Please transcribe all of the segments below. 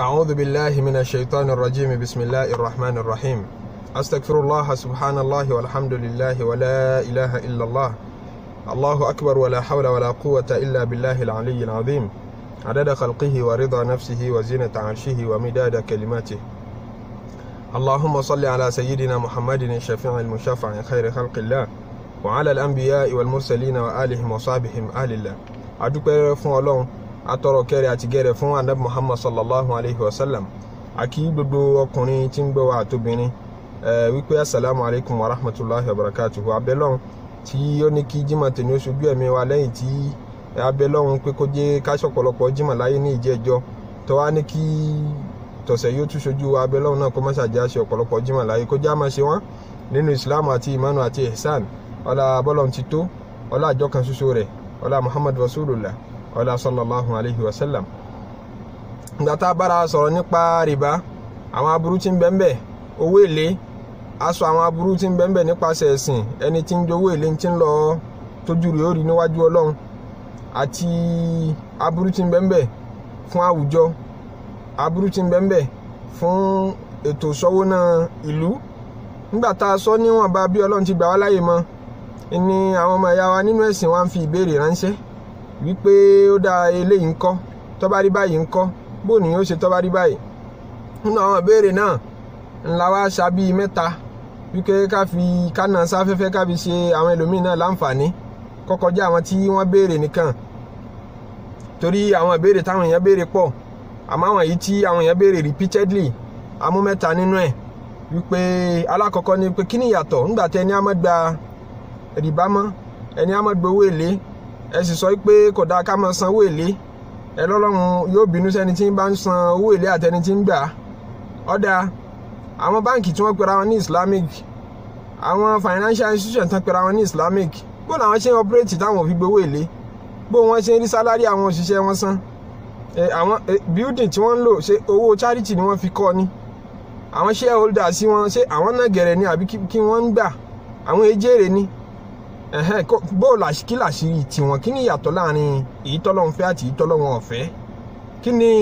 أعوذ بالله من الشيطان الرجيم بسم الله الرحمن الرحيم أستغفر الله سبحان الله والحمد لله ولا إله إلا الله الله أكبر ولا حول ولا قوة إلا بالله العلي العظيم عدد خلقه ورضا نفسه وزينة عرشه ومداد كلماته اللهم صل على سيدنا محمد الشفيع المشفع خير خلق الله وعلى الأنبياء والمرسلين وآلهم وصحبهم آل الله أدوك فون atọrọ kẹrẹ àti gẹrẹ fún anabi muhammad sallallahu alayhi wa sallam àkí gbogbo ọkùnrin tí ń gbọ́ wa àtobìnrin wípé asalaamu alaykum wa rahmatulahi wa barakatuhu abẹ́lọ́hún tí ó ní kí jimá tèmi oṣù bí ẹ̀mí wa lẹ́yìn tí abẹ́lọ́hún pé kó jẹ́ káṣọ ọ̀pọ̀lọpọ̀ jimá láyé ní ìjẹ́jọ́ tó wá ní kí tọ̀sẹ̀ yóò tún ṣojú wa abẹ́lọ́hún náà kó má ṣàjẹ́ àṣẹ ọ̀pọ̀lọpọ̀ jimá láyé kó jẹ́ àmọ́ ṣe wọ́n nínú islam àti imanu àti ihsan ọlá abọ́lọ́hún ti tó ọlá àjọ rẹ̀ ọlá muhammad rasulullah ọlá sallallahu alayhi wa sallam gbàtà bára sọ̀rọ̀ nípa rìbá àwọn aburú tí ń bẹ ń bẹ owó èlé aṣọ àwọn aburú tí ń bẹ ń bẹ nípasẹ̀ ẹ̀sìn ẹni tí ń jowó èlé ti ń lọ tójú rèé ó rí níwájú ọlọ́run àti aburú tí ń bẹ ń bẹ fún àwùjọ aburú tí ń bẹ ń fún ètò ìṣọ́wó náà ìlú nígbà tá a sọ níwọ̀nba bí ọlọ́run ti gbà wá láàyè mọ́ ni àwọn ọmọ ẹ̀yà wa nínú ẹ̀sìn wa ń fi ìbéèrè ránṣẹ́ wípé ó dá eléyìí ńkọ́ tó bá rí báyìí ńkọ́ bó ni ó ṣe tó rí báyìí nínú àwọn ìbéèrè náà ńlá wa ṣàbí mẹ́ta wípé ká fi kánà sáfẹ́fẹ́ ká fi ṣe àwọn ẹlòmíì náà láǹfààní kọ́kọ́já àwọn tí wọ́n béèrè nìkan torí àwọn ìbéèrè táwọn èèyàn béèrè pọ̀ àmọ́ àwọn èyí tí àwọn èèyàn béèrè repeatedly amú mẹ́ta nínú ẹ̀ wípé alákọ̀ọ́kọ́ ni pé kí ni ìyàtọ̀ nígbà tí ẹni á máa gba rìbá ẹni á máa gbowó èlé ẹ sì sọ pé kò dáa ká máa sanwó èlé ẹ lọ́lọ́run yóò bínú sẹ́ni tí ń bá ń san owó èlé àtẹni tí ń gbà ọ̀dà àwọn báǹkì tí wọ́n pera wọn ní Islamic àwọn financial institution tán pera wọn ní Islamic bó làwọn ṣe ń ọpẹ́rẹ́tì táwọn ò fi gbowó èlé bó wọ́n ṣe ń rí sálárì àwọn òṣìṣẹ́ wọn san àwọn building tí wọ́n ń lò ṣe owó charity ni wọ́n fi kọ́ ni àwọn shareholders sí wọn ṣé àwọn náà gẹ̀rẹ̀ ni àbí kí wọ́n ń gbà àwọn ejéèrè ni bó kí làṣírí tiwọn kí ni ìyàtọ̀ láàrin èyí tọ́lọ́run fẹ́ àti èyí tọ́lọ́run ọ̀fẹ́ kí ni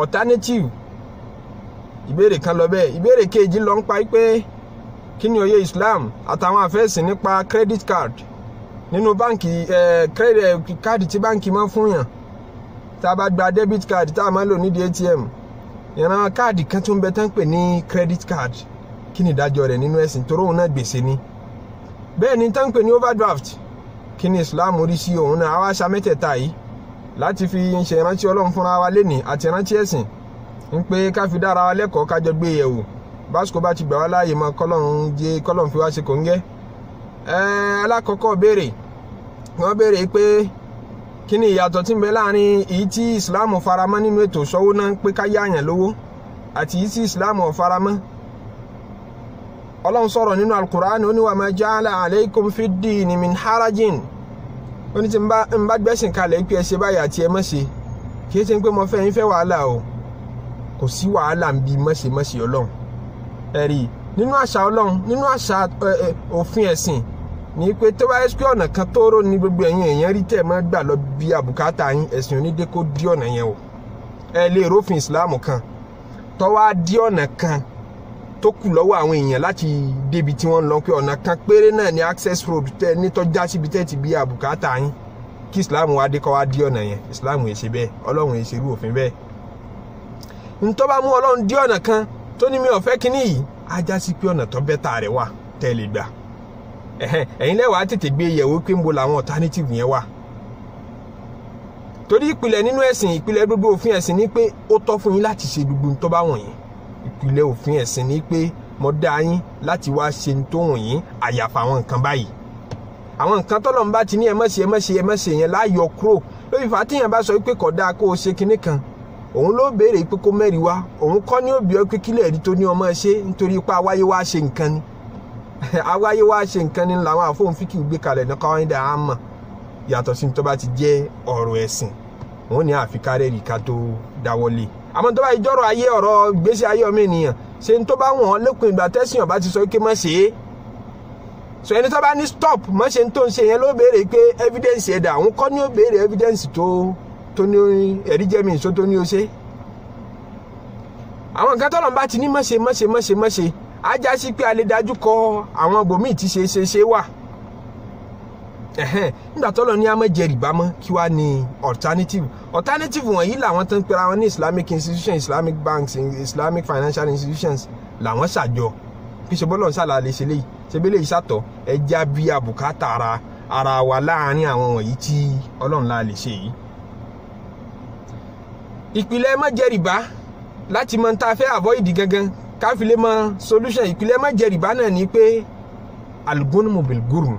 alternative ìbéèrè kan lọ bẹ́ẹ̀ ìbéèrè kejì lọ ń pa pé kí ni òye Islam àtàwọn àfẹ́sìn nípa credit card nínú báǹkì káàdì tí báǹkì máa ń fún yàn tá a bá gba debit card tá a máa ń lò nídìí ATM ìran káàdì kan tó ń bẹ tán pè ní credit card kí ni ìdájọ́ rẹ̀ nínú ẹ̀sìn toróhùn náà gbèsè ni. bẹ́ẹ̀ ni tán n'i pè overdraft kí ni Islam rí sí òun náà àwa aṣa mẹ́tẹ̀ẹ̀ta yìí láti fi ṣe ìrántí Ọlọ́run fúnra wa lénìí àti ìrántí ẹ̀sìn ń pé ká fi dára wa lẹ́kọ̀ọ́ ká jọ gbé e yẹ̀wò básìkò bá ti gbà wá láàyè mọ kọ́lọ́run jẹ kọ́lọ́run fi wá ṣe kòńgẹ́ ẹ̀ẹ́ alákọ̀ọ́kọ́ béèrè wọ́n béèrè pé kí ni ìyàtọ̀ tí ń bẹ láàrin èyí tí Islam faramọ́ nínú ètò ìṣọ́wó náà pé ká yáàyàn lówó àti Islam ọlọ́run sọ̀rọ̀ nínú alukur'an ó ní wàá máa ja'ala alaykum fid-dini min harajin ó ní tí n bá gbẹ́sìn kalẹ̀ pé ẹ ṣe báyìí àti ẹ má ṣe kì í ṣe pé mo fẹ́ yín fẹ́ wàhálà o kò sí wàhálà ń bi mọ̀ṣẹ̀mọ̀ṣẹ̀ ọlọ́run ẹ̀rí nínú àṣà ọlọ́run nínú àṣà òfin ẹ̀sìn ní pé tó bá yẹ pé ọ̀nà kan tóóró ni gbogbo ẹ̀yin èèyàn rí tẹ̀ mọ́ gbà lọ bí àbùkátà yín ẹ̀sìn onídé kó dí ọ̀nà yẹn o ẹ lè rófin ìsìláàmù kan tó dí ọ̀nà kan tó kù lọ́wọ́ àwọn èèyàn láti débi tí wọ́n lọ ọ̀nà kan péré náà ni access road tẹ nítọ́já síbi tẹ́ ti bí àbùkátà yín kí islam wa dé kọ́ dí ọ̀nà yẹn islam yẹn ṣe ọlọ́run yẹn òfin bẹ́ẹ̀ kan tó ní mi ò fẹ́ yìí ajá sí pé ọ̀nà tó rẹ̀ wà tẹ́ lè gbà ẹ̀yin lẹ́wàá tètè gbé yẹ̀wò pé ń bo làwọn gbogbo òfin ẹ̀sìn pé ó tọ́ ṣe gbogbo ntọ́ bá ìpìlẹ̀ òfin ẹ̀sìn ni pé mo dá yín láti wá ṣe tó wù yín àyàfà àwọn nǹkan báyìí àwọn nǹkan tọ́lọ̀ ń bá ti ní ẹ má ṣe ẹ má ṣe ẹ má ṣe yẹn láàyò kúrò lórí ìfà tíyẹn bá sọ pé kò dáa kó o ṣe kinní kan òun ló béèrè pé kó mẹ́rin wá òun kọ́ ní òbí ọ pé kílẹ̀ ẹ̀rí tó ní ọmọ ṣe nítorí pé awáyé wá ṣe nǹkan ni awáyé wá ṣe nǹkan ni làwọn àfọ̀nfíkì gbé kalẹ̀ ní káwọn ẹ̀dá á mọ̀ yàtọ̀ sí ní tó bá ti jẹ́ ọ̀rọ̀ ẹ̀sìn òun ní àfikárẹ́rì ká tó dáwọ́lé àmọ́ tó bá ìjọ́rọ̀ ayé ọ̀rọ̀ gbèsè ayé ọmọ ènìyàn ṣe ń tó bá wọ̀n lópin ìgbà tẹ́sìn ọba ti sọ pé má ṣe é sọ ẹni tó bá ní stop má ṣe ń tó ń ṣe yẹn ló béèrè pé evidence ẹ̀dà àwọn kọ́ ni ó béèrè evidence tó tó ní ẹ̀rí jẹ́mi ìṣó tó ní ó ṣe àwọn nǹkan tọ́lọ̀ bá ti ní má ṣe má ṣe má ṣe má ṣe á sí pé a dájú kọ àwọn ibòmíì ti ṣe ṣe ṣe wà ẹ̀hẹ́n nígbà tọ́lọ̀ ní àmọ́ jẹ rìbá mọ́ kí wàá ní alternative alternative wọ̀nyí làwọn tó ń pera wọn ní islamic institutions islamic banks islamic financial institutions làwọn ṣàjọ kí ṣe bọ́lọ̀ ń ṣàlàyé ṣe léyìí ṣe bí léyìí ṣàtọ̀ ẹ já àbùkátà ara ara wa láàárín àwọn wọ̀nyí tí ọlọ́run la lè ṣe yìí. ìpìlẹ̀ má jẹ rìbá láti mọ tá a fẹ́ avoid gangan káfílẹ̀ mọ solution ìpìlẹ̀ má jẹ rìbá náà ni pé algonmu bilgurun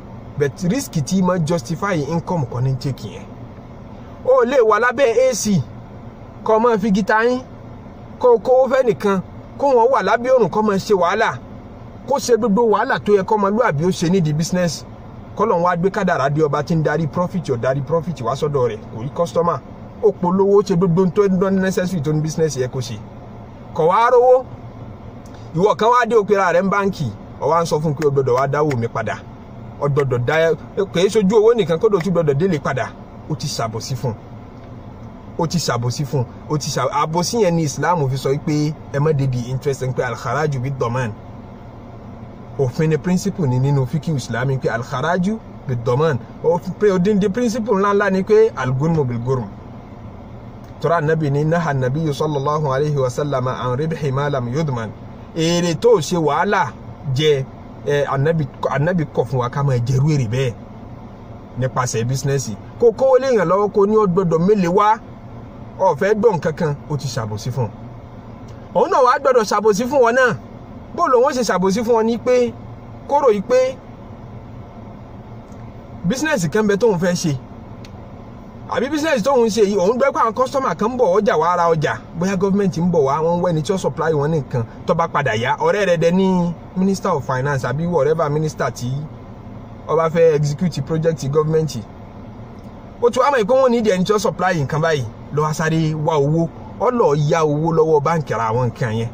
but risk tí máa justify income kan ní take yẹn o le wà lábẹ́ AC kó máa fi gita yín kó o kó o fẹ́ nìkan kó wọ́n wà lábẹ́ òrùn kó máa ṣe wàhálà kó ṣe gbogbo wàhálà tó yẹ kọ́mọlúàbí ó ṣe nídìí business kọ́lọ́n wá gbé kádàrá dé ọba tí ń darí profit ò darí profit wá sọ́dọ̀ rẹ̀ kò rí customer ó polówó ṣe gbogbo tó ń dán necessary tó ní business yẹ kó ṣe kọ̀ wá rówó ìwọ kan wá dé òpera rẹ̀ ń báǹkì ó wá ń sọ fún pé o gbọ́dọ̀ wá dáwó mi padà ọ̀gbọ́dọ̀ dá kèé sojú owó nìkan kódò tún gbọ́dọ̀ délé padà ó ti ṣàbòsí fún ó ti ṣàbòsí fún ó ti ṣàbòsí àbòsí yẹn ni Islam fi sọ pé ẹ má débi interest ń pé alharaju bi dọ̀mán òfin ni principle ni nínú fíkì Islam pé alharaju bi dọ̀mán òdìndí principle ńláńlá ni pé algunmu bil gurm tura nabi ni naha nabi sallallahu alayhi wa sallam an ribhi ma lam yudman èrè tó ṣe wàhálà jẹ ẹ anabi anabi kọ fún wa ká máa jẹrú èrè bẹ́ẹ̀ nípasẹ̀ bísínẹ́sì kó kówó léèyàn lọ́wọ́ kó ní ọgbọ́dọ̀ mélòó wá ọ̀fẹ́ dùn kankan o ti ṣàbòsí fún un na, náà wàá gbọ́dọ̀ ṣàbòsí fún wọn náà bó lòun ó ṣe ṣàbòsí fún wọn ní pé kóró yìí pé bísínẹ́sì kan bẹ tóun fẹ́ ṣe àbí business tóun ṣe yìí òun gbẹ́kọ̀ àwọn customer kan ń bọ̀ ọjà wàá ra ọjà bóyá government ń bọ̀ wá wọ́n ń wẹ́ni tí ó supply wọn nìkan tó bá padà yá ọ̀rẹ́ rẹ̀ ní minister of finance àbí whatever minister tí ọba bá fẹ́ execute project government o ti wá mọ̀ ní ìdí ẹni tí ó supply nǹkan báyìí lọ́wọ́ sáré wá owó ó ya owó lọ́wọ́ báǹkì ra àwọn nǹkan yẹn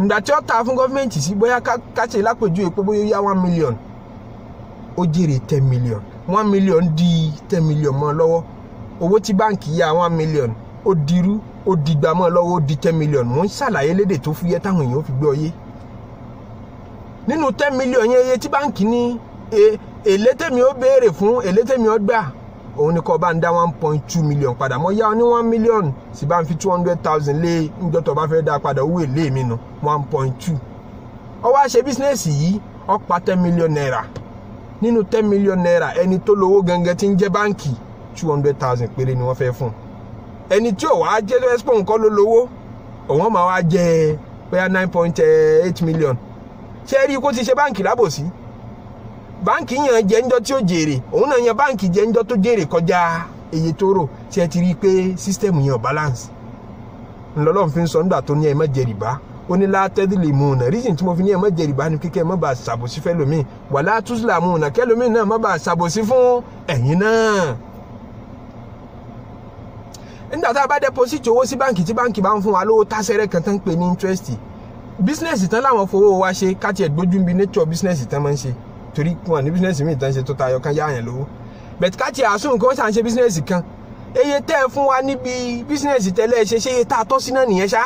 ìgbà tí ta fún sí bóyá káṣe lápèjúwe pé bóyá ó one million one million di ten million mọ́ lọ́wọ́ owó tí báǹkì yá one million ó dirú ó digba mọ́ lọ́wọ́ ó di ten million mò ń ṣàlàyé lédè tó fúyẹ́ táwọn èèyàn fi gbọ́ yé nínú ten million yẹn iye tí báǹkì ní e, èlé tèmi ó béèrè fún èlé tèmi ó gbà òun ni kò bá ń dá one point two million padà mo yá ọ ní one million sì bá ń fi two hundred thousand lé ńjọ́ tó bá fẹ́ dá padà owó èlé mi nu one point two ó wá ṣe bísínẹ́sì yìí ó pa ten million naira nínú ten million naira ẹni tó lówó gangan tí ń jẹ́ báǹkì two hundred thousand péré ni wọ́n fẹ́ fún un ẹni tí ò wá jẹ́ expo nǹkan ló lówó òun máa wá jẹ bóyá nine point eh, eight million ṣé rí i kó ti ṣe báǹkì lábòsí báǹkì yàn jẹ́ ńjọ́ tí ó jèrè òun náà yan báǹkì jẹ́ ńjọ́ tó jèrè kọjá èyí tó rò ṣe ti rí i pé sísítẹ́ẹ̀mù yẹn ò balance ńlọ́lọ́run fi ń sọ nígbà tó ní ẹ má jẹ rìbá ó ní látẹ́dìlì mùnà reason tí mo fi ní ẹ má jẹ rìbá ni kíkẹ́ ẹ má bàa ṣàbòsí fẹ́ lómi wàlá túsílà mùnà kẹ́lómi náà má bàa ṣàbòsí fún ẹ̀yin náà nígbà tá a bá deposit owó sí báǹkì tí báǹkì bá ń fún wa lówó tásẹ̀rẹ̀ kan tó ń pè ní interest Business tán láwọn fowó wa ṣe káti ẹ̀ gbójú bí nature bísínẹ́sì tán máa ń ṣe torí wọn ní bísínẹ́sì míì tán ṣe tó tayọ kan yáàyàn lówó bẹ̀tí káti àsùn kí wọ́n ṣàn ṣe bísínẹ́sì kan eye tẹ́ ẹ fún wa níbi bísínẹ́sì tẹ́lẹ̀ ṣe ṣe iye tá a tọ́ sí náà nìyẹn ṣá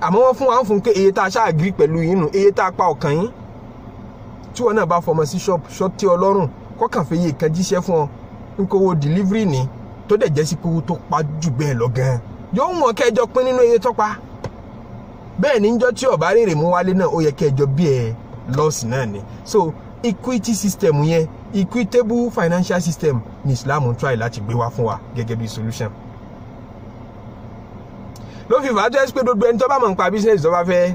àmọ́ wọ́n fún wa ń fún pé iye tá a ṣá agree pẹ̀lú yín nù iye tá a pa ọ̀kàn yín tí wọn náà bá fọmọ sí ṣọ́ọ̀bù ṣọ́ọ̀tì ọlọ́run kọ́kàn fẹ́ yé ìkan jíṣẹ́ fún ọ nkowó delivery ni tó dẹ̀ jẹ́ sí pé owó tó pa jù bẹ́ẹ̀ lọ gan-an yóò wọ̀n kẹjọ pín nínú iye tó pa bẹ́ẹ̀ ní tí ọ̀bá rèrè mú wálé náà ó yẹ kẹjọ bí ẹ lọ́ọ̀sì náà ni so equity system yẹn equitable financial system ni Islam ń try láti gbé wá fún wa gẹ́gẹ́ bí solution ló fi fàájọ ẹ́sì pé gbogbo ẹni tó bá mọ̀ nípa business tó bá fẹ́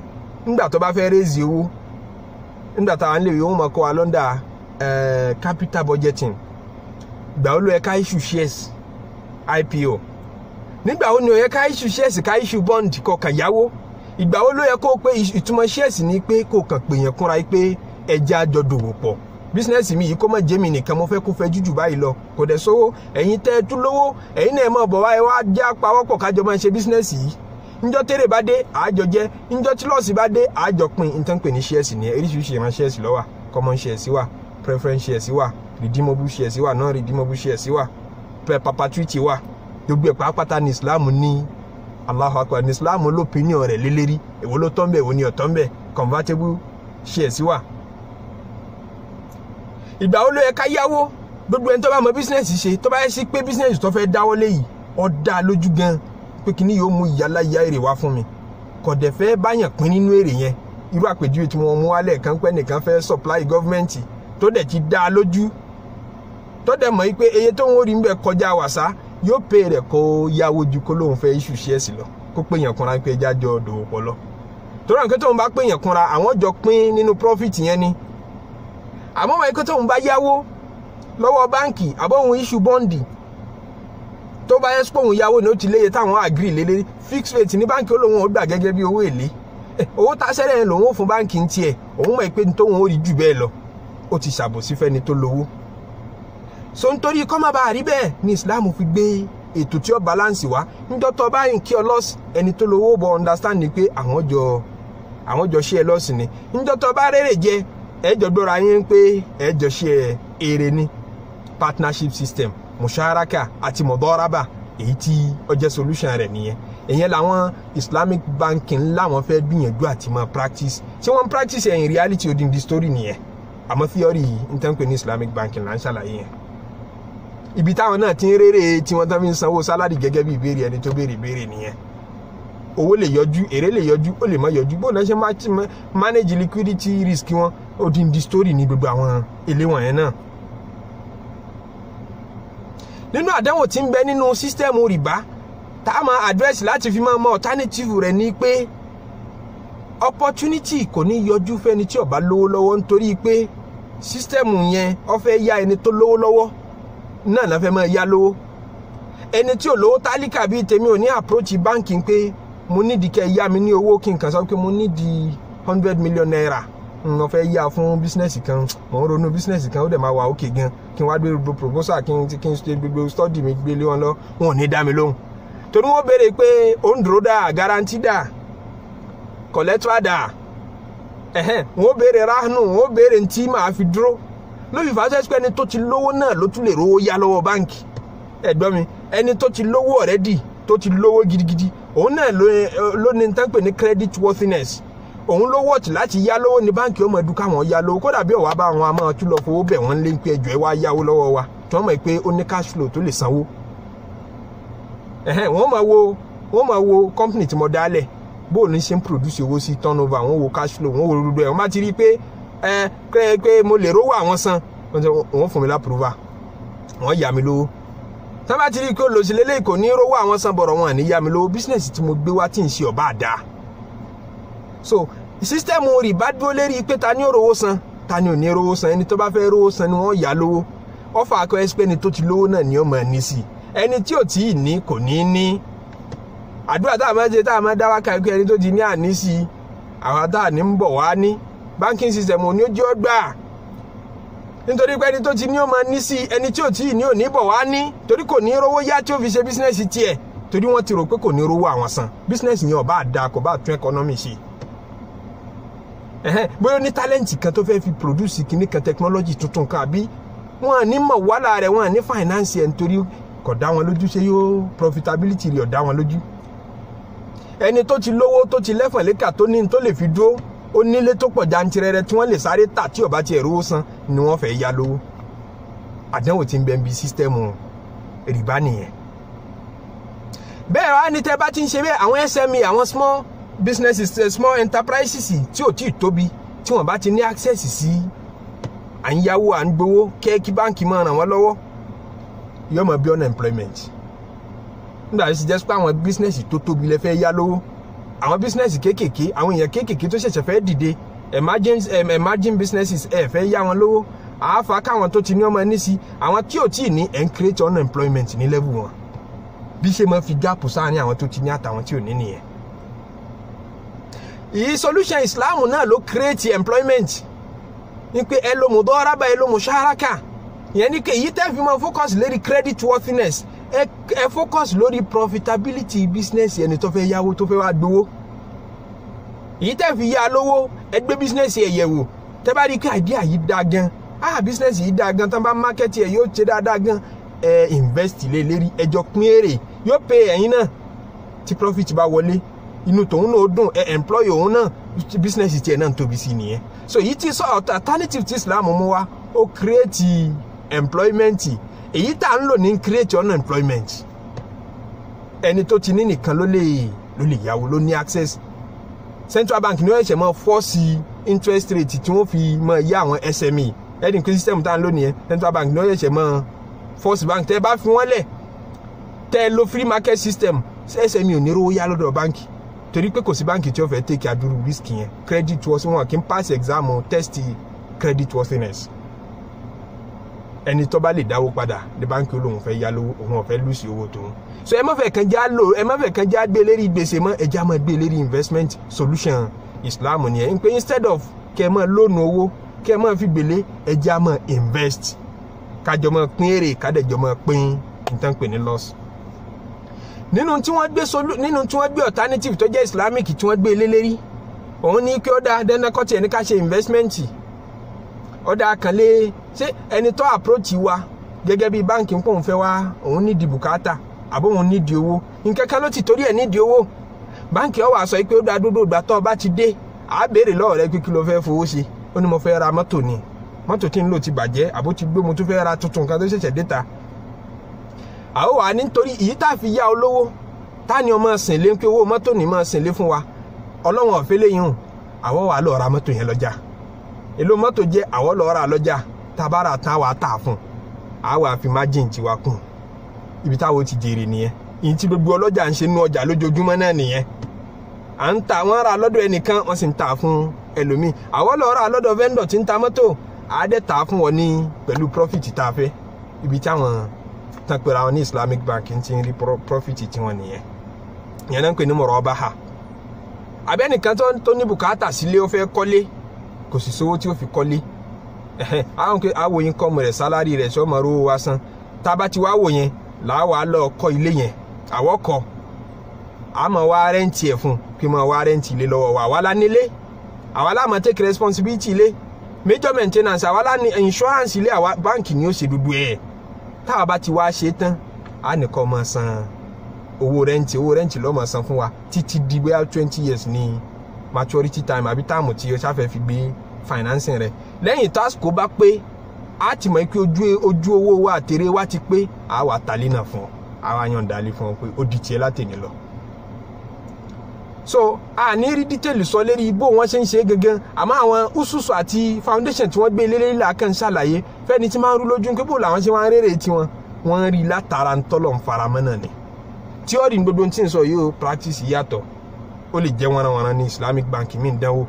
nígbà tó bá fẹ́ raise owó nígbà táwa ń lè wọ́n mọ̀ kọ́ wa lọ́ndà eh, capital budgeting gbà ó lọ ẹ̀ka issue shares IPO nígbà wo ni ó yẹ ká issue shares ká issue bond kọkàn yáwó ìgbà wo ló yẹ kó pé ìtumọ̀ shares ni pé kó kàn pè yẹn kúnra pé ẹja àjọ dòwò pọ̀ bísínẹ́sì mi yìí kó má jẹ́ mi nìkan mo fẹ́ kó fẹ́ jújù báyìí lọ kò dẹ̀ sówó ẹ̀yin tẹ́ ẹ tún lówó ẹ̀yin náà mọ̀ bọ̀ wá ẹ wá já pawọ́pọ̀ kájọ máa ṣe bísínẹ́sì yìí njọ́ tèrè bá dé àjọ jẹ njọ́ tí bá dé àjọ pin nǹkan pè ní shares ni oríṣiríṣi ìran shares ló common shares wà preference shares wà redeemable shares wà non redeemable shares wà perpetuity wà gbogbo ẹ̀ pàápàá ní islam ní Allahu Akbar ní islam lópinion rẹ̀ lélẹ́rí èwo ló tọ́ ń bẹ̀ èwo ni ọ̀tọ́ ń bẹ̀ convertible shares wà. ìgbà wo ló yẹ ká yáwó gbogbo ẹni tó bá mọ bísíǹsì ṣe tó bá yẹ sí pé bísíǹsì tó fẹ́ dáwọ́ lé yìí dá lójú gan pé kíní yóò mú ìyá láyà èrè wá fún mi kọ̀dẹ̀ fẹ́ báyàn pín nínú èrè yẹn irú àpèjúwe tí wọ́n mú wálẹ̀ kan pẹ́ nìkan fẹ́ supply gọ́ọ̀mẹ̀ntì tó dẹ̀ ti dá lójú tó dẹ̀ mọ̀ pé eye tó ń rí ń bẹ̀ kọjá wàsá yóò pè rẹ̀ kó yáwó ju kó lóun fẹ́ iṣu ṣe é sí lọ kó pè yàn kúnra pé ẹja jọ dòwò pọ̀ lọ torí àwọn kẹtọ́ ń bá pè yàn kúnra àwọn jọ pín nínú profit yẹn ni àmọ́ wọn kẹtọ́ ń bá yáwó lọ́wọ́ báǹkì àbọ̀hún iṣu bọ́ǹdì tó bá yẹn spóhùn yáwó ni ó ti léye táwọn àgírí lélẹ́ fixed rate ní báǹkì olóhùn ó gbà gẹ́gẹ́ bí owó èlé eh, owó tasẹ́rẹ́ yẹn lòun ó fún báǹkì ń tiẹ̀ òun mọ̀ pé tóun ó rí jù bẹ́ẹ̀ lọ ó ti ṣàbòsí fẹ́ni tó lówó so nítorí kọ́ má bàa rí bẹ́ẹ̀ ni Islam fi gbé ètò tí ó balance wá níjọ́tọ̀ báyìí kí ọlọ́sì ẹni tó lówó bọ̀ understand ni pé àwọn jọ àwọn jọ ṣe ẹ ni níjọ́tọ̀ bá rèrè jẹ ẹjọ gbọ́ra yín pé ẹjọ ṣe èrè ni partnership system musharaka àti mọ̀dọ́rábà èyí tí ó solution rẹ̀ nìyẹn ìyẹn làwọn Islamic banking ńlá wọn fẹ́ gbìyànjú àti máa practice ṣé wọ́n practice ẹ̀yìn reality odindi story nìyẹn àmọ́ theory yìí ń tẹ́ ń pè ní Islamic banking là ń ṣàlàyé yẹn ibi táwọn náà ti ń rere tí wọ́n tán fi ń sanwó sálárì gẹ́gẹ́ bí ìbéèrè ẹni tó béèrè ìbéèrè nìyẹn owó lè yọjú èrè lè yọjú ó lè má yọjú bó náà ṣe manage liquidity risk wọn ó ti ń di story ní gbogbo àwọn ilé wọ̀nyẹn náà nínú àdánwò tí ń bẹ nínú sísítẹ́ẹ̀mù rìbá tá a máa address láti fi máa mọ alternative rẹ̀ ni pé opportunity kò ní yọjú fẹ́ni tí ó bá lówó lọ́wọ́ nítorí pé sísítẹ́ẹ̀mù yẹn ó fẹ́ yá ẹni tó lówó lọ́wọ́ náà la fẹ́ máa yá lówó ẹni tí ò lówó tálíkà bíi tèmi ò ní àpòròchì báǹkì pé mo nídìí kẹ́ yá mi ní owó kí n kàn sọ pé mo nídìí hundred million naira mo fẹ́ yá fún bísínẹ́sì kan mo ń ronú bísínẹ́sì kan ó dẹ̀ máa wà òkè gan kí n wá gbé gbogbo proposal kí n kí n ṣe gbogbo study mi gbé lé wọn lọ wọn ò ní dá mi lóhùn torí wọ́n béèrè pé ó ń dúró dáa guarantee dáa collateral dáa wọ́n béèrè rahnu wọ́n béèrè ntí màá fi dúró lóbi fàáṣẹ́ sí pé ẹni tó ti lówó náà ló tún lè rówó yá lọ́wọ́ báǹkì ẹ̀gbọ́n mi ẹni tó ti lówó already tó ti lówó gidigidi òun náà ló ní tán pè ní credit worthiness òun ló wọ̀tì láti yá lówó ní báǹkì ọmọ ẹ̀dùn káwọn yá lówó kódà bí ọ̀wá bá wọn a máa tún lọ fowó bẹ̀ wọ́n lé pé ẹjọ́ ẹ wá yáwó lọ́wọ́ wa tí wọ́n mọ̀ pé ó ní cash flow tó lè sanwó wọ́n máa wo wọ́n máa wo company tí mo dálẹ̀ bóòlù ń ṣe ń produce owó sí turnover wọ́n wo cash flow wọ́n wo rúdú ẹ̀ wọ́n bá ti rí i pé ẹ eh, pé pé mo lè rówó àwọn san wọ́n fún mi lápúrúfà wọ́n yà mí lówó sábà tí rí i pé olùsí lélẹ́yìí kò ní rówó àwọn san bọ̀rọ̀ wọn àní yà mí lówó bísíǹsì tí mo gbé wá tí ń ṣe ọ̀bá àdá so sísítẹ́ẹ̀mù rìbá dúró lérí pé ta ni ó rówó san ta ni ò ní rówó san ẹni tó bá fẹ́ rówó san ni wọ́n yà lówó ọ̀fà akọ ẹsipẹ́ni tó ti lówó náà ni ó máa ní sí ẹni tí ò tí ì ní kò ní ní àdúrà tá a máa ṣe tá a máa dá wákàtí ẹni tó ti ní àní sí àwọn tá ní ń bọ̀ wá ní banking system ò ní ó jẹ́ ọgbà nítorí pé ẹni tó ti ní ó máa ní sí ẹni tí ò tí ì ní ò ní bọ̀ wá ní torí kò ní rówó yá tí ó fi ṣe bísínẹ́sì tiẹ̀ torí wọ́n ti rò pé kò ní rówó àwọn san bísínẹ́sì yẹn ò bá kò bá tún ẹkọ́nọ́mì ṣe bóyá ní tálẹ́ǹtì kan tó fẹ́ fi produce kìíní kan tẹkinọ́lọ́jì tuntun kan àbí wọn à ní mọ̀ wàhálà rẹ̀ wọn à ní ẹ̀ nítorí kò dá wọn lójú ṣé yóò profitability rẹ̀ ò dá wọn lójú ẹni tó ti lówó tó ti lẹ́fọ̀lẹ́kà tó ní tó lè fi dúró onílé tó pọ̀ jantirẹrẹ tí wọ́n lè sáré tà tí ọba tiẹ̀ rówó san ni wọ́n fẹ́ yá lówó àdánwò tí ń bẹ ń bi sísítẹ́mù rìbá nìyẹn bẹ́ẹ̀ wá ní tẹ́ bá ti ń ṣe bẹ́ẹ̀ àwọn SME àwọn small businesses eh, small enterprises tí ò tí ì tóbi tí wọ́n bá ti ní access sí à ń yáwó à ń gbowó kẹ́ẹ́kí báǹkì máa ràn wọ́n lọ́wọ́ yóò máa bí unemployment nígbà tí ó ti jẹ́ pé àwọn business tó tóbi lè yá lówó àwọn bísínẹ́sì kéékèèké àwọn èèyàn kéékèèké tó ṣẹ̀ṣẹ̀ fẹ́ dìde emerging emerging businesses ẹ̀ fẹ́ yá wọn lówó àáfà káwọn tó ti ní ọmọ ní sí àwọn tí ò tí ì ní and create unemployment ní level wọn bí ṣe máa fi gáàpù sáàárín àwọn tó ti ní àtàwọn tí ò ní nìyẹn. ìyí solution Islam náà ló create employment ní pé ẹ ló mú dọ́rábà ẹ ló mú ìyẹn ni pé èyí tẹ́ fi máa focus lérí credit worthiness ẹ focus lórí profitability business ẹni tó fẹ́ yáwó tó fẹ́ wá gbowó èyí tẹ́ fi yá lówó ẹ business ẹ̀ yẹ̀wò tẹ́ bá rí kí idea yìí dá gan ah business yìí dá gan tán bá market ẹ̀ yóò ṣe dáadáa gan ẹ invest lé lérí ẹjọ́ pín èrè yóò pe ẹ̀yin náà tí profit bá wọlé inú tòun náà dùn ẹ employ òun náà business tiẹ̀ náà ń tóbi sí nìyẹn so yìí ti sọ alternative ti Islam mú wa ó create employment èyí tá à ń lò ní create unemployment ẹni tó ti ní nìkan ló lè ló lè yáwó ló ní access central bank ní wọ́n ṣẹ̀ mọ́ fọ́ọ̀sì interest rate tí wọ́n fi mọ́ yá àwọn SME ẹni pé system tá à ń lò nìyẹn central bank ní wọ́n ṣẹ̀ mọ́ fọ́ọ̀sì bank tẹ́ ẹ bá fi wọ́n lẹ̀ tẹ́ ẹ lo free market system SME ò ní rówó yá lọ́dọ̀ báńkì torí pé kò sí báńkì tí wọ́n fẹ́ take adúrú risk yẹn credit worthiness wọn kì í pass exam test credit worthiness ẹni tó bá lè dáwó padà ní báńkì olóhùn fẹ́ yá lówó òun ọ̀fẹ́ lùsì owó tòun so ẹ má fẹ́ kan já lò ẹ má fẹ́ kan já gbé lérí gbèsè mọ́ ẹ já mọ́ gbé lérí investment solution Islam nìyẹn ń pé instead of kẹ́ mọ́ lónù owó kẹ́ mọ́ fi gbèlé ẹ já mọ́ invest kájọ mọ́ pín èrè kádẹ́jọ mọ́ pín nǹkan pè ní loss nínú tí wọ́n gbé solu nínú tí wọ́n gbé alternative tó jẹ́ Islamic tí wọ́n gbé lé lérí òun ní kí ó dáa dẹ́nẹ́kọ́tì ẹ̀ ní ká ṣe investment ọ̀dà àkànlé ṣé ẹni tó àpòròchì wa gẹ́gẹ́ bí báǹkì ń pọ̀ ń fẹ́ wá òun nídìí bùkátà àbó òun nídìí owó nǹkan kan ló ti torí ẹ̀ nídìí owó báǹkì ó wá sọ pé ó dá dúdú ìgbà tó o bá ti dé à á béèrè lọ́wọ́ rẹ pé kí lo fẹ́ fowó ṣe ó ní mo fẹ́ ra mọ́tò ni mọ́tò tí ń lò ti bàjẹ́ àbó ti gbé mo tún fẹ́ ra tuntun kan tó ṣẹ̀ṣẹ̀ déta àwọn wà nítorí èyí tá a fi yá olówó tá ni ọmọ sìn lé pé owó mọ́tò ni máa sìn lé fún wa ọlọ́wọ́n ọ̀fẹ́lẹ́yìn hàn àwọn lọ́ọ́ ra mọ́tò yẹn lọ́jà èló mọ́tò jẹ́ àwọn lọ́ọ́ ra lọ́jà tabara tá a wà á tà fún a wà á fi májìn tiwa kùn ibi táwọn ti jèrè nìyẹn ìyẹn tí gbogbo ọlọ́jà ń ṣe nú ọjà lójoojúmọ́ náà nìyẹn à ń ta wọ́n ra lọ́dọ̀ ẹnìkan wọ́n sì ń ta fún ẹlòmíì àwọn lọ́ọ́ ra lọ́dọ̀ vendor tí ń ta mọ́tò àádẹ́ ta fún wọn ní pẹ̀lú profit tá a fẹ́ ibi táwọn tán pera wọn ní Islamic Bank ti ń rí profit tiwọn nìyẹn ìyẹn náà ń pè ní mọ̀rọ̀ ọba ha abẹ́nìkan tó ní bùkátà sílé ó fẹ́ kọ́lé kò sì sówó tí ó fi kọ́lé àwọn kò àwòyìn kọ́mọ rẹ̀ sálárì rẹ̀ sọ́mọ rówó wa san tá a bá ti wá wò yẹn làwa lọ kọ́ ilé yẹn àwọ̀ kọ́ àmọ́ wá rẹ́ǹtì ẹ̀ fún kí mọ̀ wá rẹ́ǹtì ilé lọ́wọ́ wa àwa la àwa la take responsibility ilé major maintenance àwa la ní insurance ilé àwa báǹkì ni ó ṣe gbogbo ẹ̀ tá a bá ti wá ṣe tán á nìkan máa san owó rẹ́ǹtì owó rẹ́ǹtì ló máa san fún wa títí di bóyá twenty years ni maturity time àbí táàmù tí o ṣáfẹ́ fi gbé financing rẹ̀ lẹ́yìn tásìkò bá pé a ti mọ̀ pé ojú owó wa àtẹ̀rẹ̀ wa ti pé a wà tálí náà fún ọ a wà yàn dálé fún ọ pé ó di tiẹ̀ látẹ̀mí lọ so a ní rí dítẹ́lì sọ lérí bó wọ́n ṣe ń ṣe gangan àmọ́ àwọn ususu àti foundation tí wọ́n gbé lé lérí làákàn ṣàlàyé fẹ́ni tí máa ń rú lójú pé bó làwọn ṣe wá ń rèrè tiwọn wọ́n ń rí látara ń tọ́lọ̀ ń faramọ́ náà ni tíọ́rì gbogbo tí ń sọ yóò practice yàtọ̀ ó lè jẹ́ wọ́nrawọ́nra ní islamic bank mi ń dánwò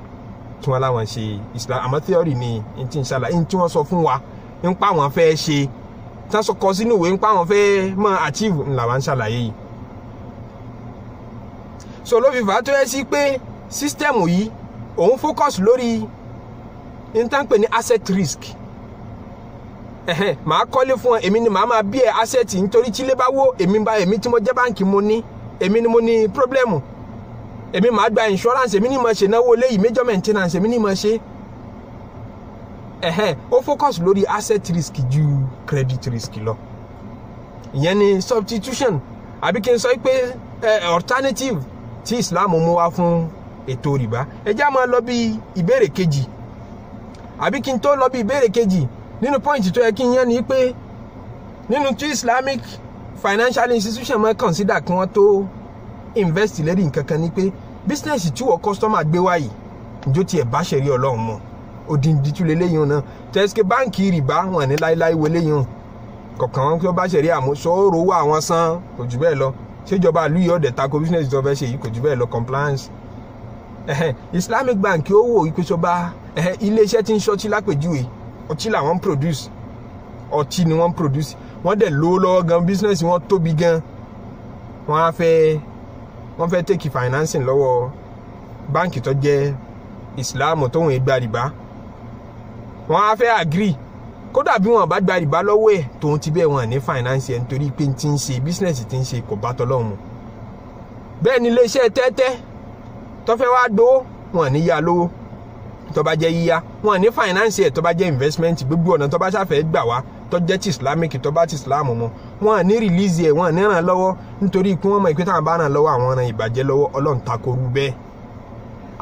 tí wọ́n láwọn ṣe islam àmọ́ theory ni n ti ń ṣàlàyé n tí wọ́n sọ fún wa ń pa àwọn fẹ́ ṣe tí wọ́n kọ sínú ìwé ń pa àwọn fẹ́ mọ achieve ńlá wa ń ṣàlàyé yìí. so ló fi fà á tó yẹ sí pé system yìí òun focus lórí n tán pè ní asset risk màá kọ́lé fún ọ èmi ni màá máa bí ẹ asset nítorí tí ilé bá wó èmi bá èmi tí mo jẹ́ báǹkì mo ní èmi ni mo ní pírọ́blẹ́mù èmi máa gba insurance èmi ní mo ṣe náwó léyìí major maintenance èmi ní mo ṣe ẹ̀hẹ́n ó focus lórí asset risk ju credit risk lọ ìyẹn ni substitution àbí kí n sọ pé alternative tí Islam mú wá fún ètò rìbá ẹ já máa lọ bí ìbéèrè kejì àbí kí n tó lọ bí ìbéèrè kejì nínú point tó yẹ kí n yẹn ni pé nínú tí Islamic financial institution máa consider kí wọ́n tó invest lẹ́rìí nǹkan ni pé bísínẹ́sì tí wọ́n kọ́sítọ́mà gbé wá yìí njó tiẹ̀ bá ṣẹ̀rí ọlọ́run mọ́ òdìndí tún lé léyìn náà tẹ́síkẹ́ báǹkì rìbá wọn ní láéláé wọlé yìí hàn kọ̀ọ̀kan tó bá ṣẹ̀rí àmúṣọ òòrò wà wọn san kò jù bẹ́ẹ̀ lọ ṣèjọba ìlú ọ̀dẹ̀ tako bísínẹ́sì tó fẹ́ ṣe yìí kò jù bẹ́ẹ̀ lọ compliance Islamic Bank ó ìpèsọba iléeṣẹ́ tí ń ṣọtí lápèjúwe ọtí làwọn produce ọtí ni wọ́n produce wọ́n dẹ̀ lówó lọ́wọ́ gan bísínẹ́sì wọn tóbi gan wọ́n á fẹ́ẹ́ wọ́n fẹ́ tèkì financing lọ́wọ́ báǹkì tó jẹ́ ìsìláàmù tóun gba rìbá wọ́n á fẹ́ agree kódà bí wọ́n bá gba rìbá lọ́wọ́ ẹ̀ tóun ti bẹ́ẹ̀ wọ́n ní finance ẹ̀ nítorí pé ti ń ṣe business ti ń ṣe kò bá tọ́lọ́run mu bẹ́ẹ̀ ni iléeṣẹ́ tẹ́tẹ́ tó fẹ́ wá gbowó wọ́n ní yá lówó tó bá jẹ́ yíyá wọ́n ní finance ẹ̀ tó bá jẹ́ investment gbogbo ọ̀nà tó bá ṣàfẹ́ gbà wá tó jẹ́ ti islamic tó bá ti islam mu wọn à ní rìlíìsì ẹ̀ wọn à ní ràn lọ́wọ́ nítorí pé wọ́n mọ̀ ìpín táwọn bá ràn lọ́wọ́ àwọn ràn ìbàjẹ́ lọ́wọ́ ọlọ́run takoru bẹ́ẹ̀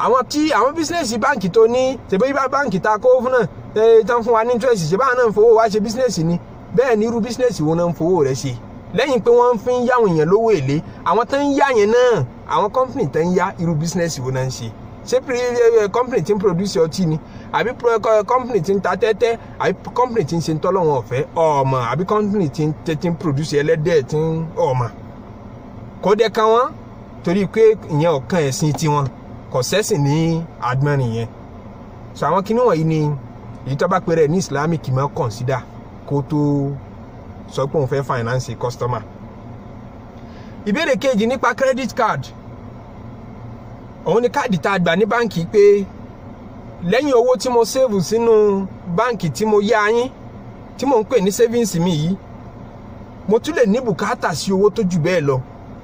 àwọn tí àwọn bísínẹ́sì báǹkì tó ní ṣèbí bá báǹkì ta kó fún náà ẹ tán fún wa ní interest ṣe báwọn náà ń fowó wa ṣe bísínẹ́sì ni bẹ́ẹ̀ ni irú bísínẹ́sì wo náà ń fowó rẹ ṣe lẹ́yìn pé wọ́n fi ń yáwọn èèyàn lówó èlé àwọn tó ń yá yẹn náà àwọn company tó ń yá irú bísínẹ́sì wo náà ń ṣe ṣé eh, eh, company ti ń produce ọtí ni àbí eh, company ti ń ta tẹ́tẹ́ àbí company ti ń ṣe tọ́lọ́wọ́n ọ̀fẹ́ ọ̀mọ̀ àbí company ti ń ti ń produce ẹlẹ́dẹ̀ ti ń ọ̀mọ̀ kó dẹ́ kan wọ́n torí pé ìyẹn ọ̀kan ẹ̀sìn tiwọn kò sẹ́sìn ní agbọ́nrin yẹn so àwọn kinní wọ̀nyí ni èyí tó bá pe rẹ̀ ní islamic máa consider kó tó sọ pé òun fẹ́ finance customer ìbéèrè kejì nípa credit card òun ni káàdì tá a gbà ní báǹkì pé lẹ́yìn owó tí mo save sínú báǹkì tí mo yá yín tí mò ń pè ní savings mi yìí mo tún lè ní bùkátà sí owó tó jù bẹ́ẹ̀ lọ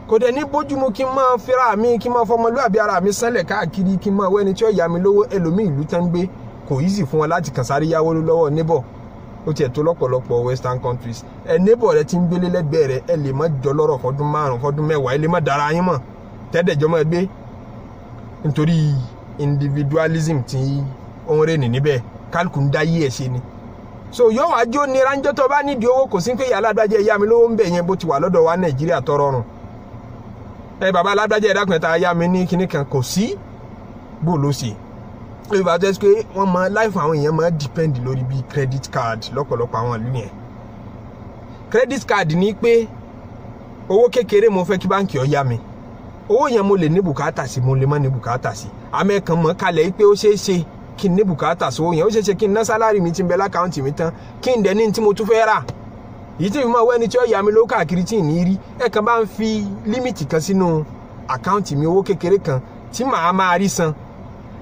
kò dẹ̀ ní bójúmu kí n máa fira mi kí n máa fọmọlúàbí ara mi sánlẹ̀ káàkiri kí n máa wẹ́ni tí ó yá mi lówó ẹlòmíì ìlú tán gbé kò easy fún wọn láti kàn sáré yáwó lọ́wọ́ níbọ̀ ó tiẹ̀ tó lọ́pọ̀lọpọ̀ western countries ẹ níbọ̀ rẹ ti ń gbélé lẹ́gbẹ̀ẹ́ rẹ ẹ lè má jọ lọ́rọ̀ fọdún márùn fọdún mẹ́wàá ẹ lè má dára yín mọ̀ tẹ́dẹ̀jọ́ mọ́ ẹ gbé nítorí individualism tí ó ń rìn níbẹ̀ kálukú ń dá yí ẹ̀ ṣe ni so yóò wá jó nira ń jọ́ tó bá nídìí owó kò sí pé ìyá alágbájá ẹ̀yà mi lówó ń bẹ̀ yẹn bó ti wà lọ́dọ̀ wa nàìjíríà tọrọ rùn ẹ bàbá alágbájá ẹ̀dá kan ta ẹ̀yà mi ní kinní kan kò sí bó ló ṣe ẹ bá jẹ́ pé wọ́n mọ life àwọn èèyàn máa depend lórí bíi credit card lọ́pọ̀lọpọ̀ àwọn ìlú yẹn credit card ní pé owó kékeré mo fẹ́ kí báǹkì ó yá mi owó yẹn mo lè ní bùkátà sí mo lè má ní bùkátà sí amẹ́kan mọ́ kalẹ̀ pé ó ṣeé ṣe kí n ní bùkátà sówó yẹn ó ṣeé ṣe kí n ná sálárì mi ti ń bẹ lákàntì mi tán kí n dẹ̀ ní tí mo tún fẹ́ rà yìí tí mi máa wọ ẹni tí ó yà mí lówó káàkiri tí ì ní rí ẹ bá ń fi límìtì kan sínú àkáǹtì mi owó kékeré kan tí màá máa rí san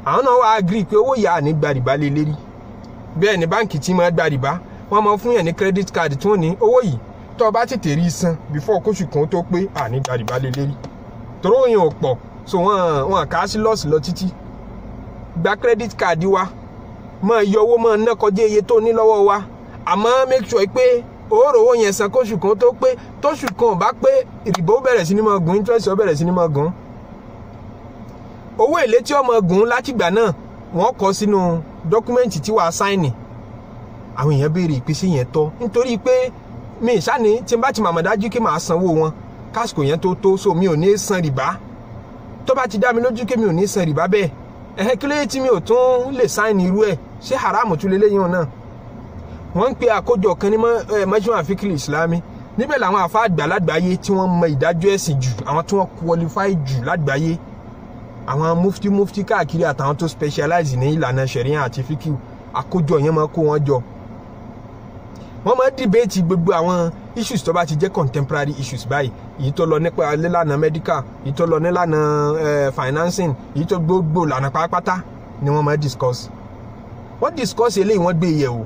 àwọn náà wá agree pé owó yà á ní gbàrìbá lé lérí bẹ́ẹ̀ ni báǹkì tí máa gbàrìbá wọ́n máa fún yàn ní credit card tí wọ́n ní owó yìí tó o bá tètè rí san before kóṣù kan tó pé àní gbàrìbá lé lérí toróyìn ò pọ̀ so wọn wọn kà á sí lọ́ọ̀sì lọ títí gba credit card wa máa yọ owó máa ná kọjá iye tó ní lọ́wọ́ wa àmọ́ make sure pé òórò owó yẹn san kóṣù kan tó pé tóṣù kan ò bá pé ìrìbò bẹ̀rẹ̀ sí ni máa gùn interest ó bẹ̀rẹ̀ sí ni máa gùn owó èlé tí ọmọ gùn látìgbà náà wọ́n kọ sínú dọ́kúmẹ́ǹtì tí wàá sáìnì àwọn èèyàn béèrè ìpèsè yẹn tọ́ nítorí pé mi ìsáni tí n bá ti màmá dájú kí màá sanwó wọn kásìkò yẹn tó tó so mi ò ní san rìbá tó bá ti dá mi lójú kémi ò ní san rìbá bẹ́ẹ̀ ẹ̀hẹ́ kí lóye tí mi ò tún lè sáìn irú ẹ̀ ṣé haram tún lé lẹ́yìn náà wọ́n ń pe àkójọ kan ní mọ́ṣúmọ́ àfikìlì ìsìlámi níbẹ̀ làwọn àfa àgbà lágbàáyé tí wọ́n mọ ìdájọ́ ẹ̀sìn jù àwọn tí wọ́n qualify jù lágbàáyé àwọn mufti mufti káàkiri àtàwọn tó specialize ní ìlànà ṣẹ̀ríyàn àti fíkìw àkójọ yẹn máa kó wọn jọ wọ́n máa dìbẹ́ẹ̀tì gbogbo àwọn issues tó bá ti jẹ́ contemporary issues báyìí èyí tó lọ nípa nílànà medical èyí tó lọ nílànà financing èyí tó gbogbo lànà pátápátá ni wọ́n máa discuss wọ́n discuss eléyìí wọ́n gbé yẹ̀wò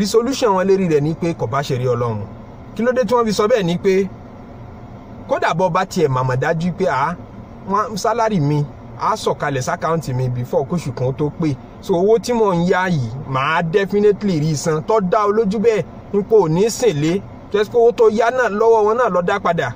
resolution wọn lérí rẹ̀ ni pé kò bá ṣe rí ọlọ́run kí ló dé tí wọ́n fi sọ bẹ́ẹ̀ ni pé kódà bọ́ bá tiẹ̀ màmá dájú pé àá sálárì mi á sọ̀kalẹ̀ sákàǹtì mi before kóṣù kan tó pé so owó tí mò ń yá yìí màá definitely rí san tó dá olójú bẹ́ẹ̀ n kò ní sèlé tó yẹ kó owó tó yá náà lọ́wọ́ wọn náà lọ dá padà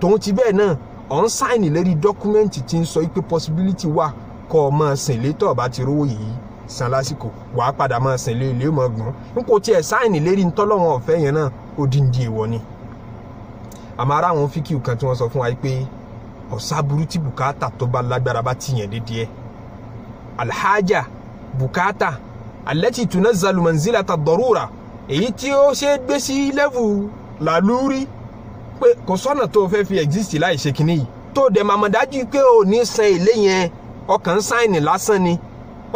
tòun ti bẹ́ẹ̀ náà ọ̀ ń sáìnì lérí dọ́kúmẹ́ǹtì tí ń sọ pé possibility wà kọ́ ọ máa sèlé tó o bá ti rówó yìí san lásìkò wàá padà máa sèlé ilé mọ̀ gbọ́n n kò tiẹ̀ sáìnì lérí ntọ́lọ́wọ́n ọ̀fẹ́ yẹn náà ó dín di èèwọ̀ ni àmọ́ ara àwọn fíkìú kan tí wọ́n sọ fún wa pé ọ̀sàbùrú tí Bukata tó bá lágbára bá ti yàn dédé ẹ̀ alhaja bùkátà alẹ́tì tùnà zalumanzila ta dọ̀rúra èyí tí ó ṣe gbé sí lẹ́vù làlúrí pé kò sọ́nà tó fẹ́ fi exist láì ṣe kínní yìí tó dẹ̀ màmá dájú pé ò ní san èlé yẹn ọkàn sáìnì lásán ni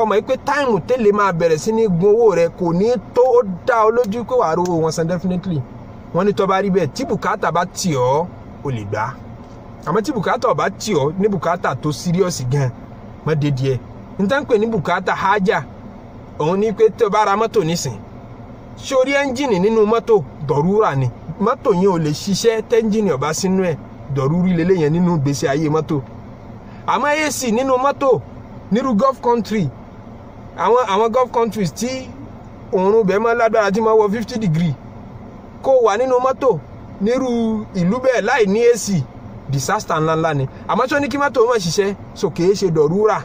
ọmọ yìí pé táìmù tẹ́lẹ̀ máa bẹ̀rẹ̀ sí ní gun owó rẹ kò ní tó ó dá ọ lójú pé wàá rówó wọn san definitely wọ́n ní tó bá rí bẹ́ẹ̀ tí bùkátà bá tì ọ́ ò lè gbà á àmọ́ tí bùkátà ọba tì ọ́ ní bùkátà tó síríọ́sì gan mọ́ dédé ẹ̀ níta ń pè ní bùkátà hájà òun ní pé tó bá mọ́tò nísìn sórí ẹ́ńjìnì nínú mọ́tò dọ̀rúrà ni mọ́tò yẹn ò lè ṣiṣẹ́ tẹ́ńjìnì ọba sínú ẹ̀ dọ̀rúrí lélẹ́yìn nínú gbèsè ayé mọ́tò àmọ́ ac nínú mọ́tò nírú gulf country àwọn àwọn gulf countries tí òórùn bẹ́ẹ̀ máa lágbára tí máa wọ fifty degree kó wà nínú mọ́tò nírú ìlú bẹ́ẹ̀ láì ní ac disaster ńláńlá ni àmọ́ tí wọ́n ní kí mọ́tò wọn ṣiṣẹ́ so kìí ṣe dọ̀rúrà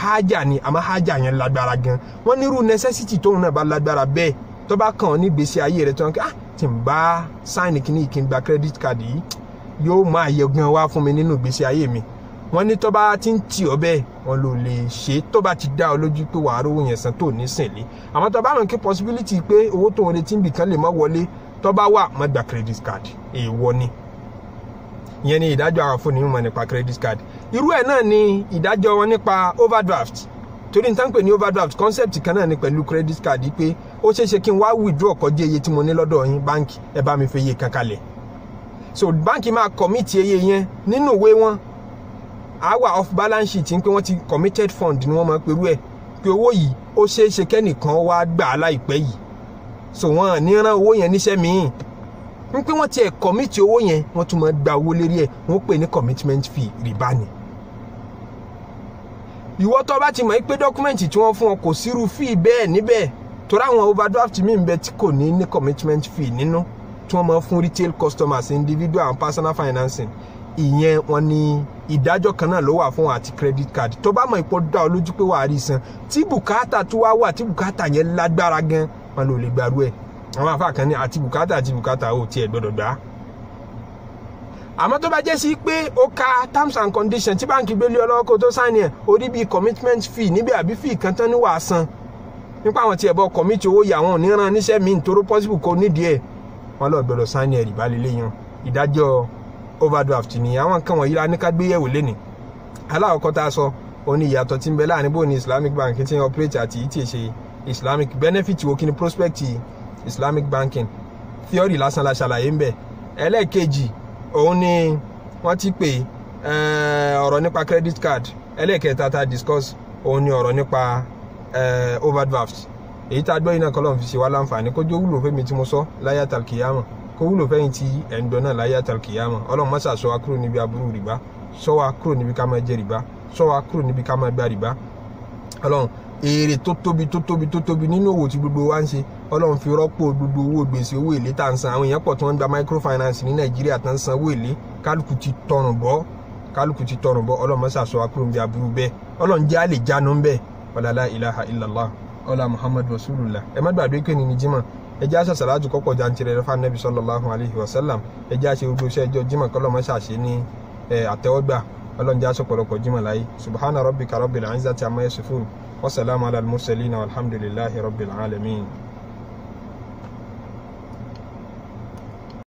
hájà ni àmọ́ hájà yẹn lágbára gan wọ́n nírú necessity tóun náà bá lágbára bẹ́ẹ̀ tó bá kàn ní gbèsè ayé rẹ̀ tó ń kí ah tí n bá sáìnì kìíní kí n gba credit card yìí yóò máa yẹ gan wá fún mi nínú gbèsè ayé mi wọ́n ní tó bá ti ń tì ọ́ bẹ́ẹ̀ wọn lò lè ṣe tó bá ti dá ọ lójú pé wàá rówó yẹn san tó ní sìnlé àmọ́ tó bá mọ̀ kí possibility pé owó tó ń retí nbìkan lè má wọlé tó bá wà má gba credit card èèwọ̀ ni ìyẹn ni ìdájọ́ àwọn fóònù mímọ̀ nípa credit card irú ẹ̀ náà ni ìdájọ́ wọn nípa overdraft torí nítorí pé ní overdraft concept kan náà ni pẹ̀lú credit card pé ó ṣeé ṣe kí n wá withdraw kọjá iye tí mo ní lọ́dọ̀ yín báńkì ẹ bá mi fi iye kan kalẹ̀ so báńkì máa commit iye yẹn nínú ìwé wọn àwa off balance sheet ń pé wọ́n ti committed fund ni wọ́n máa perú ẹ̀ pé owó yìí ó ṣeé ṣe kẹ́nìkan wá gbà láìpẹ́ yìí so wọ́n ní rán owó yẹn níṣẹ́ míì wípé wọ́n tiẹ̀ kọ́mìtì owó yẹn wọ́n tún máa gba owó lérí ẹ̀ wọ́n pè ní commitment fee rìbá ni. ìwọ tó bá ti mọ̀ pé dọ́kúmẹ̀ntì tí wọ́n fún ọ kò sírú fee bẹ́ẹ̀ níbẹ̀ torí àwọn overdraft mi ń bẹ tí kò ní ní commitment fee nínú tí wọ́n máa fún retail customers individual and personal financing ìyẹn wọ́n ní ìdájọ́ kan náà ló wà fún àti credit card tó bá mọ̀ ipò dá ọ lójú pé wàá rí san tí bùkátà tó wá wà tí bùkátà yẹn lágbára gan wọn lò lè gbàrú ẹ̀ àwọn afa kan ní àti bùkátà àti bùkátà ò tiẹ̀ gbọ́dọ̀ gbà á àmọ́ tó bá jẹ́ sí pé ó ka terms and conditions tí báǹkì gbé lé tó sáìnì ẹ̀ bíi commitment fee níbi àbí fee kan tán ní san nípa àwọn tí bọ́ kọ̀mìtì owó yà wọn ò níṣẹ́ mi nítorí possible kò nídìí ẹ̀ wọn lọ gbọ́dọ̀ sáìnì ẹ̀ rìbá yan ìdájọ́ overdraft ni àwọn nǹkan wọ̀nyí la ní lẹ́nì aláwọ̀kọ́ tá a sọ ó ní ìyàtọ̀ tí ń bẹ láàrin bó ni Islamic bank ti ń operate àti ìtì ṣe Islamic benefit wo kí ni prospect yìí islamic banking theory lásán la ṣàlàyé ń bẹ̀ ẹlẹ́ẹ̀kejì òun ni wọ́n ti pè eh, ọ̀rọ̀ nípa credit card ẹlẹ́ẹ̀kẹta ta discuss òun ni ọ̀rọ̀ nípa eh, overdraft èyí tá a gbọ́ yìí náà kọ́lọ́n fi ṣe wá láǹfààní kó jó wúlò fẹ́mi tí mo sọ láyé àtàlùkìyàmọ̀ kó wúlò fẹ́yìn tí ẹ̀ ń dọ́ náà láyé àtàlùkìyàmọ̀ ọlọ́run má sọ wá kúrò níbi aburú rìbá sọ wá kúrò níbi ká máa jẹ rìbá sọ wá kúrò níbi ká máa gba rìbá ọlọ́run èrè tó tóbi tó tóbi tó tóbi nínú òwò tí gbogbo wa ń ṣe ọlọ́run fi rọ́pò gbogbo owó gbèsè owó èlé tá à ń san àwọn èèyàn pọ̀ tí wọ́n ń gba microfinance ní nàìjíríà tó ń san owó èlé kálukú ti tọrùn bọ́ kálukú ti tọrùn bọ́ ọlọ́run mọ́sà sọ akúrò ń bí aburú bẹ́ẹ̀ ọlọ́run jẹ́ àlè jánu ń bẹ́ẹ̀ ọ̀làlá ilaha illallah ọlá muhammadu rasulullah ẹ má gbàgbé pé nínú jimá ẹ jẹ́ àṣà sàlájú kọ́kọ́ jantirẹ̀ rẹ fún anabi sallallahu alayhi wa sallam ẹ jẹ́ àṣẹ gbogbo iṣẹ́ ẹjọ́ jimá kọ́lọ́ mọ́sà ṣe ní àtẹ́wọ́gbà ọlọ́run jẹ́ àṣọ pọ̀lọpọ̀ jimá láyé subhana rabbika rabbil izzati amma yasifun وسلام على المرسلين والحمد لله رب العالمين